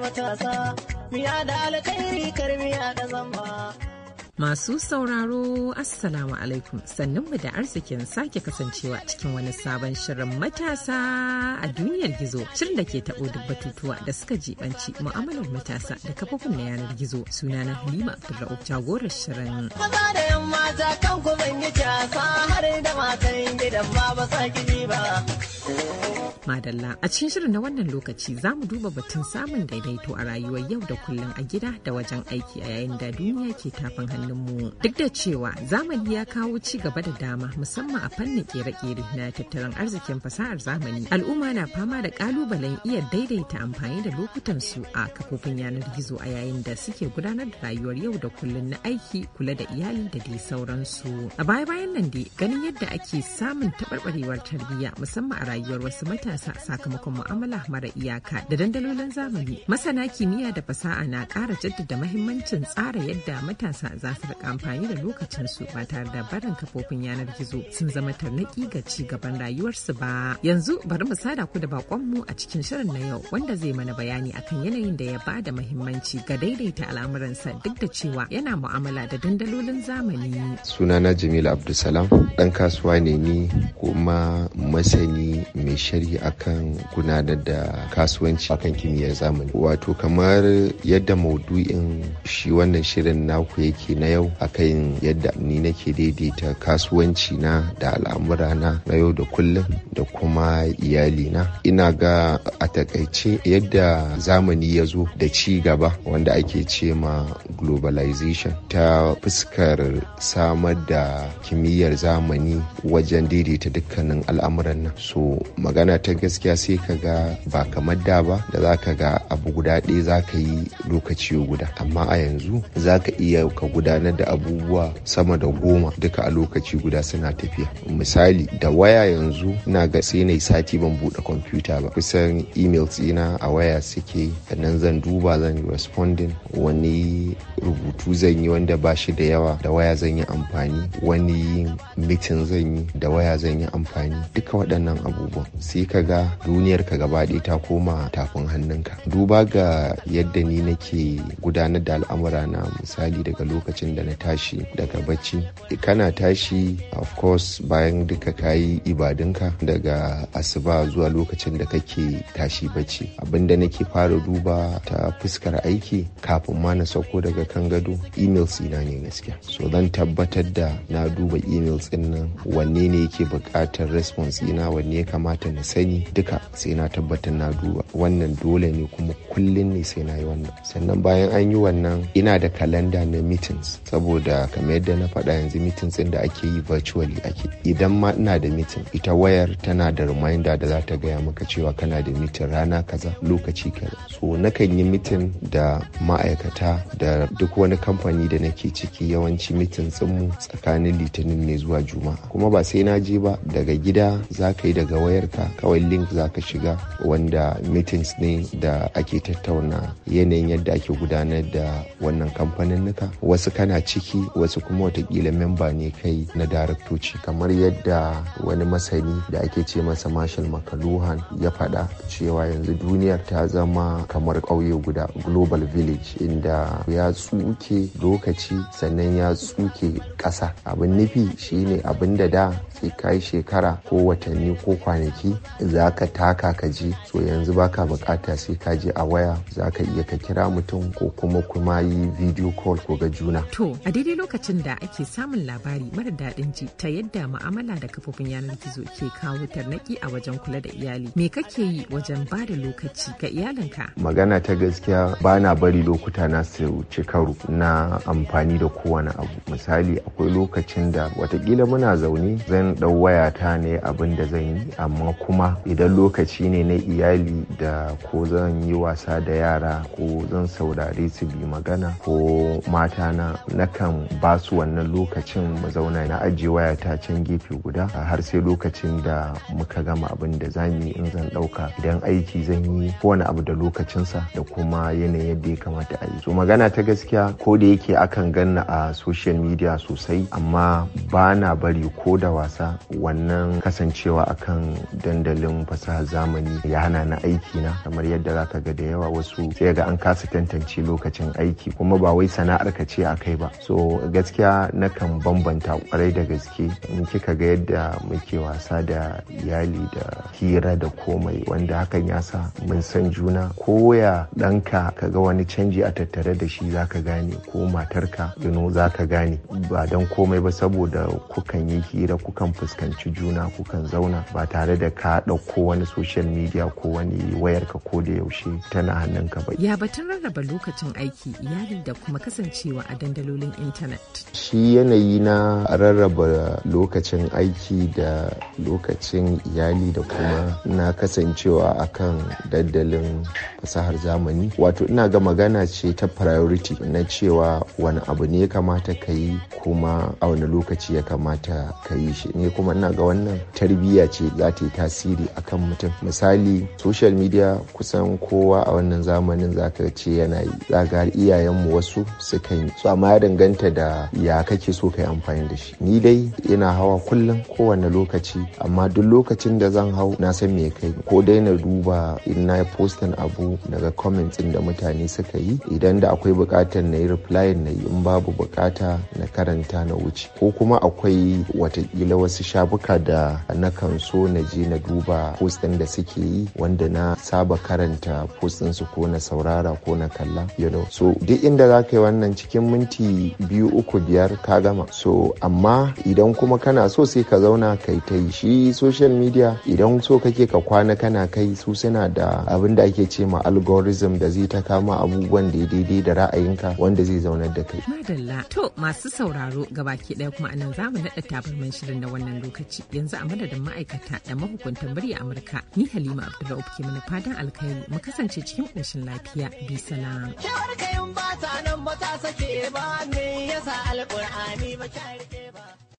matasa, da alkhairi kar da zamba. Masu sauraro Assalamu alaikum sannunmu da arzikin sake kasancewa cikin wani sabon shirin matasa a duniyar gizo shirin da ke taɓo duk batutuwa da suka jibanci mu'amalar matasa da kafofin na yanar gizo sunana Halima Abdullahi jagorar shirin. Madalla a cikin shirin na wannan lokaci za mu duba batun samun daidaito a rayuwar yau da kullum a gida da wajen aiki a yayin da duniya ke tafin hannunmu. Duk da cewa zamani ya kawo ci gaba da dama musamman a fannin kere-kere na tattalin arzikin fasahar zamani. Al'umma na fama da kalubalen iya daidaita amfani da lokutan su a kafofin yanar gizo a yayin da suke gudanar da rayuwar yau da kullum na aiki, kula da iyali da dai sauransu. A baya-bayan nan dai ganin yadda ake samun taɓarɓarewar tarbiyya musamman a rayuwar wasu matasa sakamakon mu'amala mara iyaka da dandalolin zamani. Masana kimiyya da fasaha na ƙara jaddada mahimmancin tsara yadda matasa za su riƙa amfani da lokacinsu ba tare da barin kafofin yanar gizo sun zama tarnaƙi ga ci gaban rayuwarsu ba. Yanzu bari mu sada ku da baƙonmu a cikin shirin na yau wanda zai mana bayani akan yanayin da ya ba da mahimmanci ga daidaita al'amuransa duk da cewa yana mu'amala da dandalolin zamani. Sunana Jamilu Abdulsalam dan kasuwa ne ni kuma masani mai shari'a akan gudanar da kasuwanci akan kimiyyar zamani wato kamar yadda maudu'in shi wannan shirin naku yake na yau akan yadda ni nake daidaita kasuwanci na da al'amura na na yau da kullum da kuma iyali na ina ga a takaice yadda zamani ya zo da ci gaba wanda ake ce ma globalization ta fuskar samar da kimiyyar zamani wajen daidaita dukkanin al'amuran nan so magana ta gaskiya sai ka ga ba kamar da ba da za ka ga abu guda ɗaya za ka yi lokaci guda amma a yanzu za ka iya ka gudanar da abubuwa sama da goma duka a lokaci guda suna tafiya misali da waya yanzu na ga sai na sati ban buɗe kwamfuta ba kusan imel tsina a waya suke nan zan duba zan responding wani rubutu zan yi wanda ba shi da yawa da waya zan yi amfani wani mitin zan yi da waya zan yi amfani duka waɗannan abubuwan sai ka ga duniyar ka gaba ɗaya ta koma tafin hannunka duba ga yadda ni nake gudanar da al'amura na misali daga lokacin da na tashi daga bacci kana tashi of course bayan duka kayi ibadunka daga asuba zuwa lokacin da kake tashi bacci Abin da nake fara duba ta fuskar aiki kafin ma na sauko daga kan gado emails ina ne gaskiya so zan tabbatar da na duba emails din nan wanne ne yake buƙatar response ina wanne ya kamata na sani ne duka sai na tabbatar na duba wannan dole ne kuma kullum ne sai na yi wannan sannan bayan an yi wannan ina da kalanda na meetings saboda kamar yadda na faɗa yanzu meetings ɗin da ake yi virtually ake idan ma ina da meeting ita wayar tana da reminder da za ta gaya maka cewa kana da meeting rana kaza lokaci kaza so nakan yi meeting da ma'aikata da duk wani kamfani da nake ciki yawanci meeting mu tsakanin litinin ne zuwa juma'a kuma ba sai na je ba daga gida za ka yi daga wayarka kawai link za ka shiga wanda meetings ne da ake tattauna yanayin yadda ake gudanar da wannan kamfanin nuka wasu kana ciki wasu kuma watakila memba ne kai na daraktoci kamar yadda wani masani da ake ce masa marshal makaluhan ya faɗa cewa yanzu duniyar ta zama kamar ƙauye guda global village inda ya tsuke lokaci sannan ya tsuke ƙasa abin nufi shine abin da da sai kai shekara ko watanni ko kwanaki za ka taka ka je, so yanzu baka bukata sai ka je a waya za ka iya ka kira mutum ko kuma kuma yi video call ko ga juna. To a daidai lokacin da ake samun labari mara daɗin ji ta yadda mu'amala da kafofin yanar gizo ke kawo tarnaki a wajen kula da iyali me kake yi wajen ba da lokaci ga iyalinka? Magana ta gaskiya ba na bari lokuta na su ci karo na amfani da kowane abu misali akwai lokacin da watakila muna zaune zan ɗau wayata ne abin da zan yi amma kuma idan lokaci ne na iyali da ko zan yi wasa da yara ko zan saurare su bi magana ko mata na nakan ba su wannan lokacin mu zauna na ajiye waya ta can gefe guda har sai lokacin da muka gama abin da za mu yi in zan ɗauka idan aiki zan yi kowane abu da lokacinsa da kuma yanayin yadda ya kamata a yi so magana ta gaskiya ko da yake akan ganna a social media sosai amma ba na bari ko da wasa wannan kasancewa akan dandalin wajen fasahar zamani ya hana na aiki na kamar yadda za ka ga da yawa wasu sai ga an kasa tantance lokacin aiki kuma ba wai sana'ar ka ce a kai ba so gaskiya na kan bambanta kwarai da gaske in kika ga yadda muke wasa da iyali da hira da komai wanda hakan ya sa mun san juna koya ɗanka ka ga wani canji a tattare da shi za ka gane ko matarka yano za ka gane ba don komai ba saboda kukan yi hira kukan fuskanci juna kukan zauna ba tare da ka ko wani social media ko wani wayarka ko da yaushe tana hannun ka ba ya batun rarraba lokacin aiki iyali da kuma kasancewa a dandalolin intanet shi yanayi na rarraba lokacin aiki da lokacin iyali da kuma na kasancewa a kan dandalin fasahar zamani wato ina ga magana ce ta priority na cewa wani abu ne ya kamata ka yi kuma a wani lokaci ya kamata ka yi shi ne kuma ina ga wannan tarbiyya ce za ta yi tasiri akan mutum misali social media kusan kowa a wannan zamanin zaka ce yana yi zaka har iyayenmu wasu sukan yi so amma ya danganta da ya kake so ka yi amfani da shi ni dai ina hawa kullum kowane lokaci amma duk lokacin da zan hau na san me kai ko dai na duba in na postin abu daga comments da mutane suka yi idan da akwai bukatar na yi reply na yi in babu bukata na karanta na wuce ko kuma akwai watakila wasu shafuka da na kan so na je na duba duba ɗin da suke yi wanda na saba karanta post su ko na saurara ko na kalla you know so duk inda za ka yi wannan cikin minti biyu uku biyar ka gama so amma idan kuma kana so sai ka zauna kai ta yi shi social media idan so kake ka kwana kana kai su suna da abin da ake ce ma algorithm da zai ta kama abubuwan da daidai da ra'ayinka wanda zai zaunar da kai. Madalla to masu sauraro gabaki ɗaya kuma a anan zamu naɗa tabarman shirin da wannan lokaci yanzu a madadin ma'aikata da mahukuntan birni murya Amurka. Ni Halima Abdulraub ke mana fadan alkhairi mu kasance cikin ƙoshin lafiya. Bi salama. Kewar kayan ba ta nan ba ta sake ba me yasa alƙur'ani ba ta